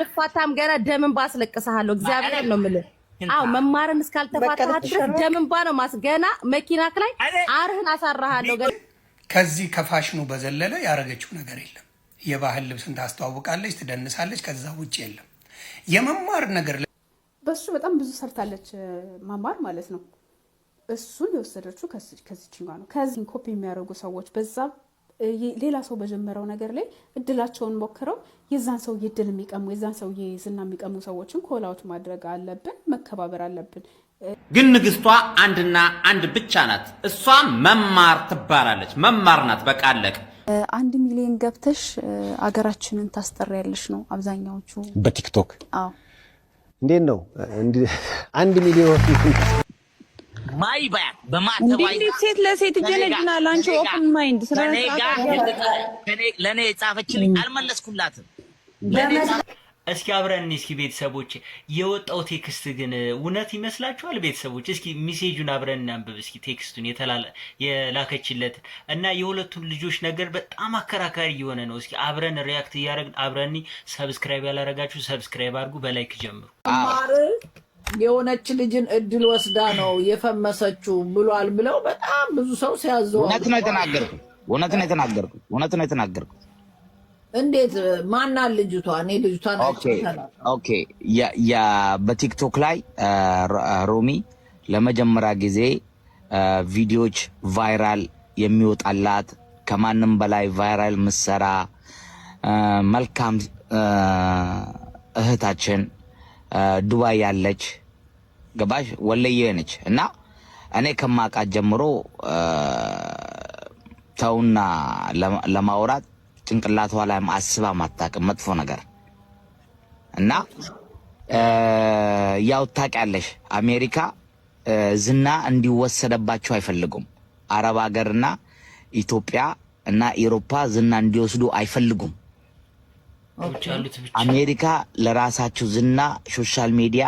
ልፋታም ገና ደምን ባስለቅስሃለሁ። እግዚአብሔር ነው የምልህ። አዎ መማርን እስካልተፋታህ ድረስ ደምን ባ ነው ማስ ገና መኪናክ ላይ አርህን አሳራሃለሁ። ከዚህ ከፋሽኑ በዘለለ ያደረገችው ነገር የለም። የባህል ልብስን ታስተዋውቃለች፣ ትደንሳለች። ከዛ ውጭ የለም የመማር ነገር። በሱ በጣም ብዙ ሰርታለች፣ መማር ማለት ነው። እሱን የወሰደችው ከዚችኛ ነው። ከዚህ ኮፒ የሚያደርጉ ሰዎች በዛ ሌላ ሰው በጀመረው ነገር ላይ እድላቸውን ሞክረው የዛን ሰውዬ እድል የሚቀሙ የዛን ሰው የዝና የሚቀሙ ሰዎችን ኮላውት ማድረግ አለብን፣ መከባበር አለብን። ግን ንግስቷ አንድና አንድ ብቻ ናት። እሷ መማር ትባላለች። መማር ናት። በቃ አለቅ። አንድ ሚሊዮን ገብተሽ አገራችንን ታስጠሪያለሽ ነው አብዛኛዎቹ በቲክቶክ። አዎ እንዴት ነው አንድ ሚሊዮን ማይ ባክ በማተባይ ሴት ለሴት ጀነጅናል። አንቺ ኦፕን ማይንድ ለእኔ የጻፈችልኝ አልመለስኩላትም። እስኪ አብረን እስኪ ቤተሰቦች የወጣው ቴክስት ግን እውነት ይመስላችኋል? ቤተሰቦች እስኪ ሚሴጁን አብረን እናንብብ እስኪ ቴክስቱን የላከችለት እና የሁለቱን ልጆች ነገር በጣም አከራካሪ የሆነ ነው። እስኪ አብረን ሪያክት እያደረግን አብረን። ሰብስክራይብ ያላረጋችሁ ሰብስክራይብ አድርጉ፣ በላይክ ጀምሩ። የሆነች ልጅን እድል ወስዳ ነው የፈመሰችው ብሏል ብለው በጣም ብዙ ሰው ሲያዘው እውነት ነው እውነት ነው እውነት ነው እንዴት ማና ልጅቷ? እኔ ልጅቷ ኦኬ። በቲክቶክ ላይ ሮሚ ለመጀመሪያ ጊዜ ቪዲዮዎች ቫይራል የሚወጣላት ከማንም በላይ ቫይራል ምሰራ መልካም እህታችን ዱባይ ያለች ገባሽ ወለየ ነች እና እኔ ከማውቃት ጀምሮ ተውና ለማውራት ጭንቅላቷ ላይም አስባ ማታቅም መጥፎ ነገር እና ያው ታውቂያለሽ፣ አሜሪካ ዝና እንዲወሰደባቸው አይፈልጉም። አረብ ሀገርና ኢትዮጵያ እና ኢሮፓ ዝና እንዲወስዱ አይፈልጉም። አሜሪካ ለራሳቸው ዝና ሶሻል ሚዲያ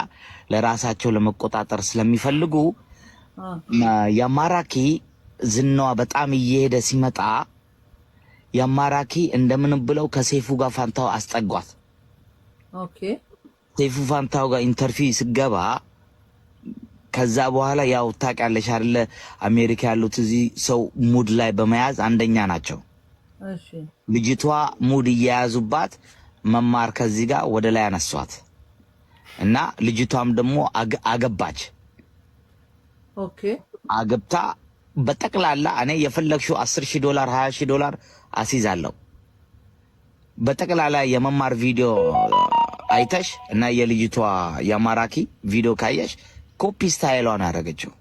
ለራሳቸው ለመቆጣጠር ስለሚፈልጉ የማራኪ ዝናዋ በጣም እየሄደ ሲመጣ የማራኪ እንደምን ብለው ከሴፉ ጋር ፋንታው አስጠጓት። ሴፉ ፋንታው ጋር ኢንተርቪው ስገባ ከዛ በኋላ ያው ታውቂያለሽ አይደለ አሜሪካ ያሉት እዚህ ሰው ሙድ ላይ በመያዝ አንደኛ ናቸው። ልጅቷ ሙድ እየያዙባት መማር ከዚህ ጋር ወደ ላይ አነሷት እና ልጅቷም ደግሞ አገባች። ኦኬ አገብታ በጠቅላላ እኔ የፈለግሽው አስር ሺህ ዶላር ሀያ ሺህ ዶላር አስይዛለሁ። በጠቅላላ የመማር ቪዲዮ አይተሽ እና የልጅቷ የማራኪ ቪዲዮ ካየሽ ኮፒ ስታይሏን ያደረገችው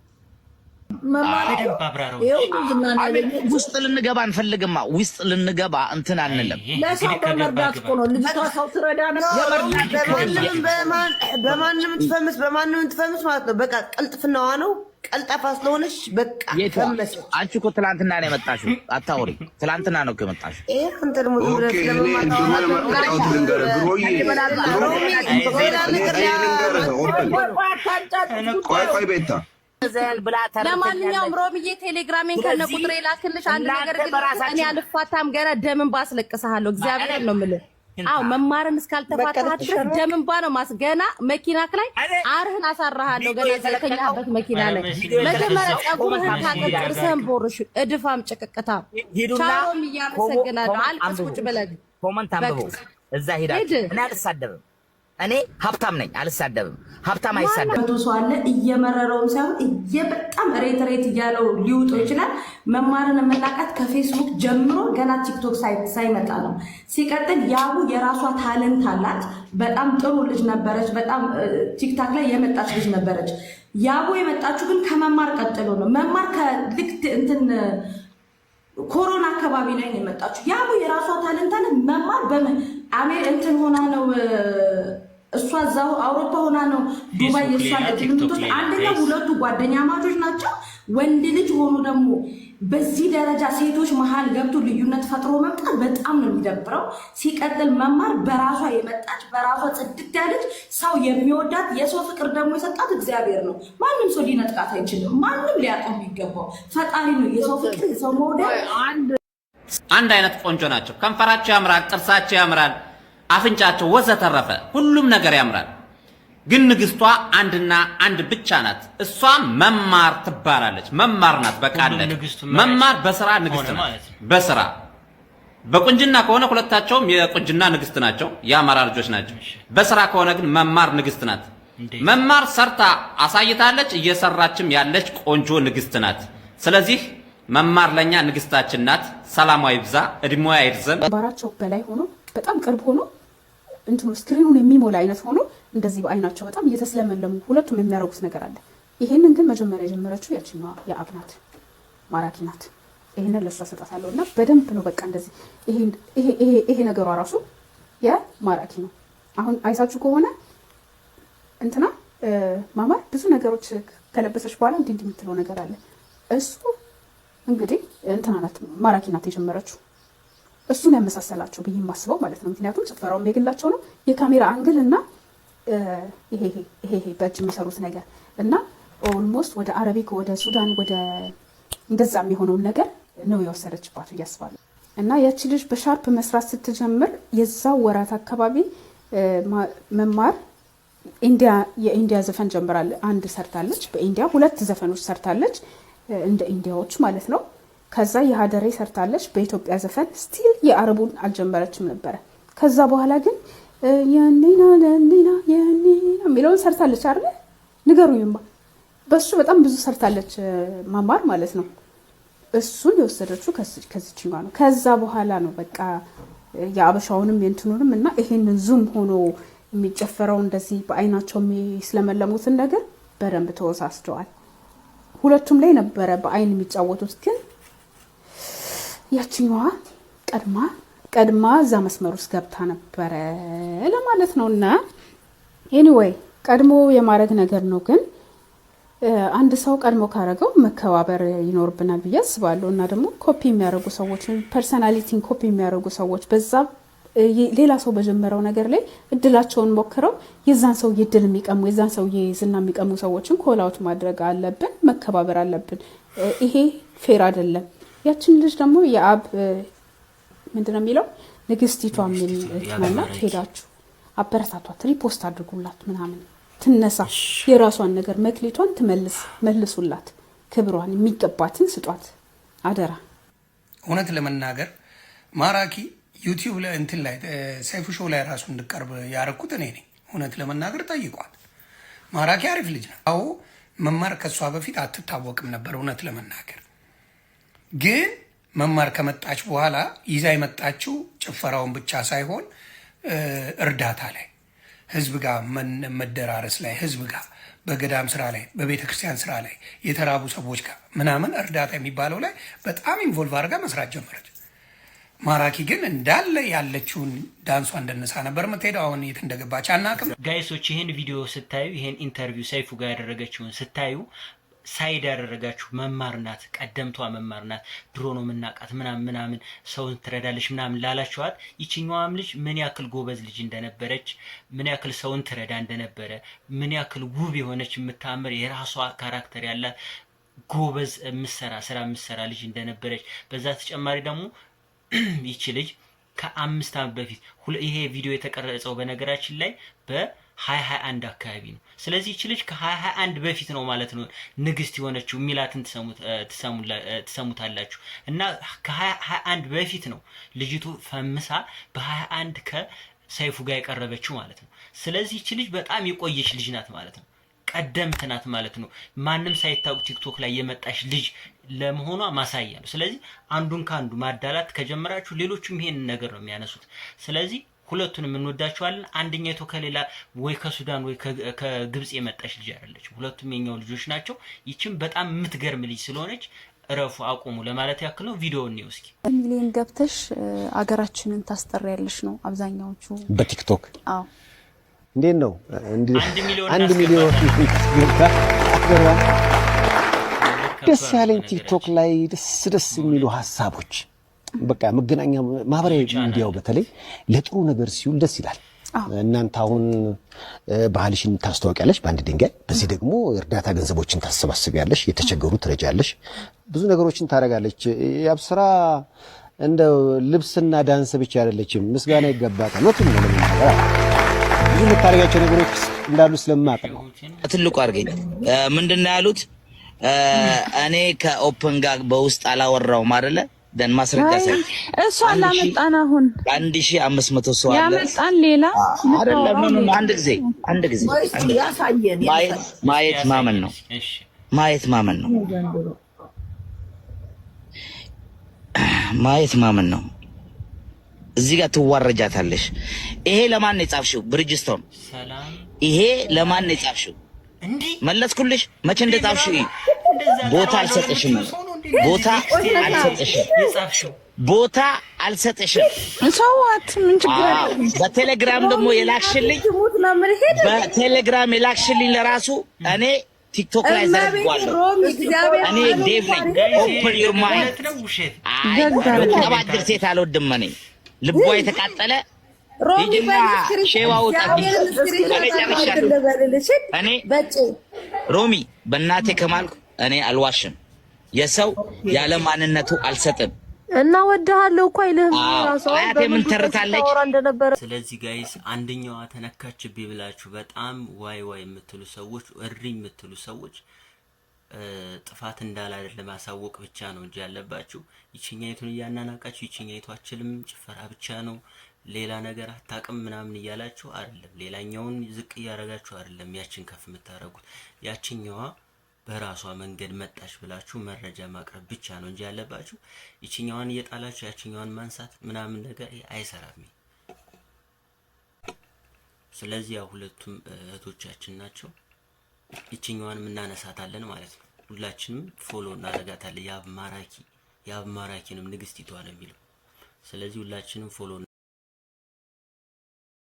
ውስጥ ልንገባ እንፈልግማ ውስጥ ልንገባ እንትን አንለም። ለሰው በመርዳት እኮ ነው። ልጅቷ ሰው ትረዳ ነው። በማንም ትፈምስ በማንም ትፈምስ ማለት ነው። በቃ ቅልጥፍናዋ ነው። ቀልጣፋ ስለሆነች በቃ አንቺ እኮ ትላንትና ነው የመጣሽው። አታውሪ ትላንትና ነው የመጣሽው። ዘል ብላ ተረ ለማንኛውም ሮምዬ ቴሌግራሜን ከነ ቁጥሬ ላክልሽ። አንድ ነገር ግን እኔ አልፋታም፣ ገና ደምን ባስለቅስሃለሁ። እግዚአብሔር ነው የምልህ። አዎ መማርን እስካልተፋታህ ድረስ ደምን ባ ነው ማስ ገና መኪናክ ላይ አርህን አሳራሃለሁ። ገና ዘለከኛበት መኪና ላይ መጀመሪያ ጸጉርህን ታጠብ፣ ጥርስህን ቦርሽ፣ እድፋም ጭቅቅታ። ቻሎም እያመሰግናለሁ። አልቅስ ቁጭ ብለህ ኮመንት አንብቦ እዛ ሄዳ እኔ አልሳደብም እኔ ሀብታም ነኝ፣ አልሳደብም። ሀብታም አይሳደብም። ሰው አለ እየመረረውም ሳይሆን እየበጣም ሬት ሬት እያለው ሊውጡ ይችላል። መማርን የምናውቃት ከፌስቡክ ጀምሮ ገና ቲክቶክ ሳይመጣ ነው። ሲቀጥል ያቡ የራሷ ታለንት አላት። በጣም ጥሩ ልጅ ነበረች። በጣም ቲክታክ ላይ የመጣች ልጅ ነበረች። ያቡ የመጣችሁ ግን ከመማር ቀጥሎ ነው። መማር ከልክ እንትን ኮሮና አካባቢ ላይ ነው የመጣችሁ። ያቡ የራሷ ታለንት አለ። መማር በምን አሜ እንትን ሆና ነው እሷ እዛው አውሮፓ ሆና ነው ዱባይ የእሷን አንደኛ ሁለቱ ጓደኛ ማቾች ናቸው። ወንድ ልጅ ሆኖ ደግሞ በዚህ ደረጃ ሴቶች መሀል ገብቶ ልዩነት ፈጥሮ መምጣት በጣም ነው የሚደብረው። ሲቀጥል መማር በራሷ የመጣች በራሷ ጽድት ያለች ሰው የሚወዳት የሰው ፍቅር ደግሞ የሰጣት እግዚአብሔር ነው። ማንም ሰው ሊነጥቃት አይችልም። ማንም ሊያቆም የሚገባው ፈጣሪ ነው። የሰው ፍቅር የሰው መውደድ አንድ አይነት ቆንጆ ናቸው። ከንፈራቸው ያምራል፣ ጥርሳቸው ያምራል አፍንጫቸው ወዘተረፈ ሁሉም ነገር ያምራል። ግን ንግስቷ አንድና አንድ ብቻ ናት። እሷ መማር ትባላለች። መማር ናት። በቃለ መማር በስራ ንግስት ናት። በስራ በቁንጅና ከሆነ ሁለታቸውም የቁንጅና ንግስት ናቸው፣ የአማራ ልጆች ናቸው። በስራ ከሆነ ግን መማር ንግስት ናት። መማር ሰርታ አሳይታለች። እየሰራችም ያለች ቆንጆ ንግስት ናት። ስለዚህ መማር ለኛ ንግስታችን ናት። ሰላሟ ይብዛ፣ እድሜዋ ይርዘም። ባራቸው በላይ ሆኖ በጣም ቅርብ ሆኖ እንትኑ ስክሪኑን የሚሞላ አይነት ሆኖ እንደዚህ በአይናቸው በጣም እየተስለመለሙ ሁለቱም የሚያደርጉት ነገር አለ። ይሄንን ግን መጀመሪያ የጀመረችው ያችኛዋ የአብ ናት፣ ማራኪ ናት። ይሄንን ለእሷ ሰጣታለሁ እና በደንብ ነው በቃ እንደዚህ ይሄ ነገሯ ራሱ የማራኪ ነው። አሁን አይሳችሁ ከሆነ እንትና ማማር ብዙ ነገሮች ከለበሰች በኋላ እንዲህ እንዲህ የምትለው ነገር አለ። እሱ እንግዲህ እንትና ናት ማራኪ ናት የጀመረችው እሱን ያመሳሰላቸው ብዬ የማስበው ማለት ነው። ምክንያቱም ጭፈራውም የግላቸው ነው የካሜራ አንግል እና ይሄ በእጅ የሚሰሩት ነገር እና ኦልሞስት ወደ አረቢክ ወደ ሱዳን ወደ እንደዛ የሚሆነውን ነገር ነው የወሰደችባት እያስባለ እና ያቺ ልጅ በሻርፕ መስራት ስትጀምር የዛው ወራት አካባቢ መማር የኢንዲያ ዘፈን ጀምራለች። አንድ ሰርታለች፣ በኢንዲያ ሁለት ዘፈኖች ሰርታለች፣ እንደ ኢንዲያዎች ማለት ነው። ከዛ የሀደሬ ሰርታለች በኢትዮጵያ ዘፈን ስቲል የአረቡን አልጀመረችም ነበረ። ከዛ በኋላ ግን የኔና ለኔና የኔና የሚለውን ሰርታለች አይደለ? ንገሩኝማ። በሱ በጣም ብዙ ሰርታለች ማማር ማለት ነው። እሱን የወሰደችው ከዚችኛ ነው። ከዛ በኋላ ነው በቃ የአበሻውንም የእንትኑንም እና ይሄንን ዙም ሆኖ የሚጨፈረው እንደዚህ በአይናቸው ስለመለሙትን ነገር በደንብ ተወሳስደዋል። ሁለቱም ላይ ነበረ በአይን የሚጫወቱት ግን ያችኛዋ ቀድማ ቀድማ እዛ መስመር ውስጥ ገብታ ነበረ ለማለት ነው። እና ኤኒዌይ ቀድሞ የማድረግ ነገር ነው። ግን አንድ ሰው ቀድሞ ካረገው መከባበር ይኖርብናል ብዬ አስባለሁ። እና ደግሞ ኮፒ የሚያደርጉ ሰዎች ፐርሰናሊቲን ኮፒ የሚያደርጉ ሰዎች በዛ ሌላ ሰው በጀመረው ነገር ላይ እድላቸውን ሞክረው የዛን ሰውዬ እድል የሚቀሙ የዛን ሰውዬ ዝና የሚቀሙ ሰዎችን ኮላውት ማድረግ አለብን። መከባበር አለብን። ይሄ ፌር አይደለም። ያችን ልጅ ደግሞ የአብ ምንድነው የሚለው ንግስቲቷ የሚል ትማናት ሄዳችሁ አበረታቷት፣ ሪፖስት አድርጉላት ምናምን ትነሳ፣ የራሷን ነገር መክሊቷን ትመልስ መልሱላት፣ ክብሯን የሚገባትን ስጧት አደራ። እውነት ለመናገር ማራኪ ዩቲዩብ ላይ እንትን ላይ ሰይፉ ሾው ላይ ራሱ እንድቀርብ ያደረኩት እኔ ነኝ። እውነት ለመናገር ጠይቋል። ማራኪ አሪፍ ልጅ ነው። አዎ መማር ከእሷ በፊት አትታወቅም ነበር እውነት ለመናገር ግን መማር ከመጣች በኋላ ይዛ የመጣችው ጭፈራውን ብቻ ሳይሆን እርዳታ ላይ፣ ህዝብ ጋር መደራረስ ላይ፣ ህዝብ ጋር በገዳም ስራ ላይ፣ በቤተ ክርስቲያን ስራ ላይ፣ የተራቡ ሰዎች ጋር ምናምን እርዳታ የሚባለው ላይ በጣም ኢንቮልቭ አድርጋ መስራት ጀመረች። ማራኪ ግን እንዳለ ያለችውን ዳንሷ እንደነሳ ነበር የምትሄደው። አሁን የት እንደገባች አናቅም። ጋይሶች ይህን ቪዲዮ ስታዩ ይህን ኢንተርቪው ሰይፉ ጋር ያደረገችውን ስታዩ ሳይድ ያደረጋችሁ መማር ናት፣ ቀደምቷ መማር ናት። ድሮ ነው የምናውቃት ምናምን ምናምን ሰውን ትረዳለች ምናምን ላላችኋት ይችኛዋም ልጅ ምን ያክል ጎበዝ ልጅ እንደነበረች፣ ምን ያክል ሰውን ትረዳ እንደነበረ፣ ምን ያክል ውብ የሆነች የምታምር የራሷ ካራክተር ያላት ጎበዝ የምሰራ ስራ የምሰራ ልጅ እንደነበረች በዛ ተጨማሪ ደግሞ ይቺ ልጅ ከአምስት ዓመት በፊት ይሄ ቪዲዮ የተቀረጸው በነገራችን ላይ በ ሀያ አካባቢ ነው። ስለዚህ ይች ልጅ ከ221 በፊት ነው ማለት ነው ንግስት የሆነችው የሚላትን ትሰሙታላችሁ። እና ከ221 በፊት ነው ልጅቱ ፈምሳ በ21 ከሰይፉ ጋር የቀረበችው ማለት ነው። ስለዚህ ይች ልጅ በጣም የቆየች ልጅ ናት ማለት ነው። ቀደምት ናት ማለት ነው። ማንም ሳይታወቅ ቲክቶክ ላይ የመጣች ልጅ ለመሆኗ ማሳያ ነው። ስለዚህ አንዱን ከአንዱ ማዳላት ከጀመራችሁ ሌሎቹም ይሄንን ነገር ነው የሚያነሱት። ስለዚህ ሁለቱንም እንወዳቸዋለን። አንደኛይቱ ከሌላ ወይ ከሱዳን ወይ ከግብፅ የመጣች ልጅ አይደለች። ሁለቱም የኛው ልጆች ናቸው። ይችም በጣም የምትገርም ልጅ ስለሆነች እረፉ፣ አቁሙ ለማለት ያክል ነው። ቪዲዮ እኔ እስኪ ሚሊዮን ገብተሽ አገራችንን ታስጠሪያለሽ ነው አብዛኛዎቹ በቲክቶክ አዎ። እንዴት ነው አንድ ሚሊዮን ደስ ያለኝ ቲክቶክ ላይ ደስ ደስ የሚሉ ሀሳቦች በቃ መገናኛ ማህበራዊ ሚዲያው በተለይ ለጥሩ ነገር ሲውል ደስ ይላል። እናንተ አሁን ባህልሽን ታስተዋውቂያለሽ በአንድ ድንጋይ፣ በዚህ ደግሞ እርዳታ ገንዘቦችን ታሰባስቢያለሽ፣ የተቸገሩ ትረጃለሽ፣ ብዙ ነገሮችን ታደርጋለች። የአብስራ እንደ ልብስና ዳንስ ብቻ አይደለችም፣ ምስጋና ይገባታል። ወትም ነው ለምን ብዙ የምታደርጋቸው ነገሮች እንዳሉ ስለማቅ ነው። ትልቁ አድርገኝ ምንድን ነው ያሉት? እኔ ከኦፕን ጋር በውስጥ አላወራውም አይደለ ደን ማስረጃ ሳይ እሱ አላመጣን። አሁን አንድ ሺ አምስት መቶ ሰው አለ ያመጣን ሌላ አይደለም። አንድ ጊዜ አንድ ጊዜ ማየት ማመን ነው። ማየት ማመን ነው። ማየት ማመን ነው። እዚህ ጋር ትዋረጃታለሽ። ይሄ ለማን ነው የጻፍሽው? ብርጅስቶን ይሄ ለማን ነው የጻፍሽው? መለስኩልሽ። መቼ እንደጻፍሽው ቦታ አልሰጠሽም ነው ቦታ አልሰጥሽም፣ ቦታ አልሰጥሽም። ሰዋት ምን ችግር አለ? በቴሌግራም ደግሞ የላክሽልኝ በቴሌግራም የላክሽልኝ ለራሱ እኔ ቲክቶክ ላይ ዘርጓለሁ። እኔ ዴቭ ነኝ። ኦፕን ዩር ማይንድ። ጠባድር ሴት አልወድም እኔ ልቧ የተቃጠለ ሮሚ በእናቴ ከማልኩ እኔ አልዋሽም። የሰው ያለ ማንነቱ አልሰጥም እና ወድሃለሁ እኮ አይልህም። ራሱ አያቴ ምን ተርታለች። ስለዚህ ጋይስ አንደኛዋ ተነካችብኝ ቢብላችሁ በጣም ዋይ ዋይ የምትሉ ሰዎች፣ እሪ የምትሉ ሰዎች ጥፋት አይደለም ለማሳወቅ ብቻ ነው እንጂ ያለባችሁ ይችኛይቱን እያናናቃችሁ ይችኛይቱ አችልም ጭፈራ ብቻ ነው ሌላ ነገር አታቅም ምናምን እያላችሁ አይደለም። ሌላኛውን ዝቅ እያረጋችሁ አይደለም ያችን ከፍ የምታረጉት ያችኛዋ በራሷ መንገድ መጣች ብላችሁ መረጃ ማቅረብ ብቻ ነው እንጂ ያለባችሁ ይችኛዋን እየጣላችሁ ያችኛዋን ማንሳት ምናምን ነገር አይሰራም። ስለዚህ ያ ሁለቱም እህቶቻችን ናቸው። ይችኛዋን እናነሳታለን ማለት ነው። ሁላችንም ፎሎ እናደርጋታለን። የአብ ማራኪ የአብ ማራኪንም ንግስቲቷ ነው የሚለው። ስለዚህ ሁላችንም ፎሎ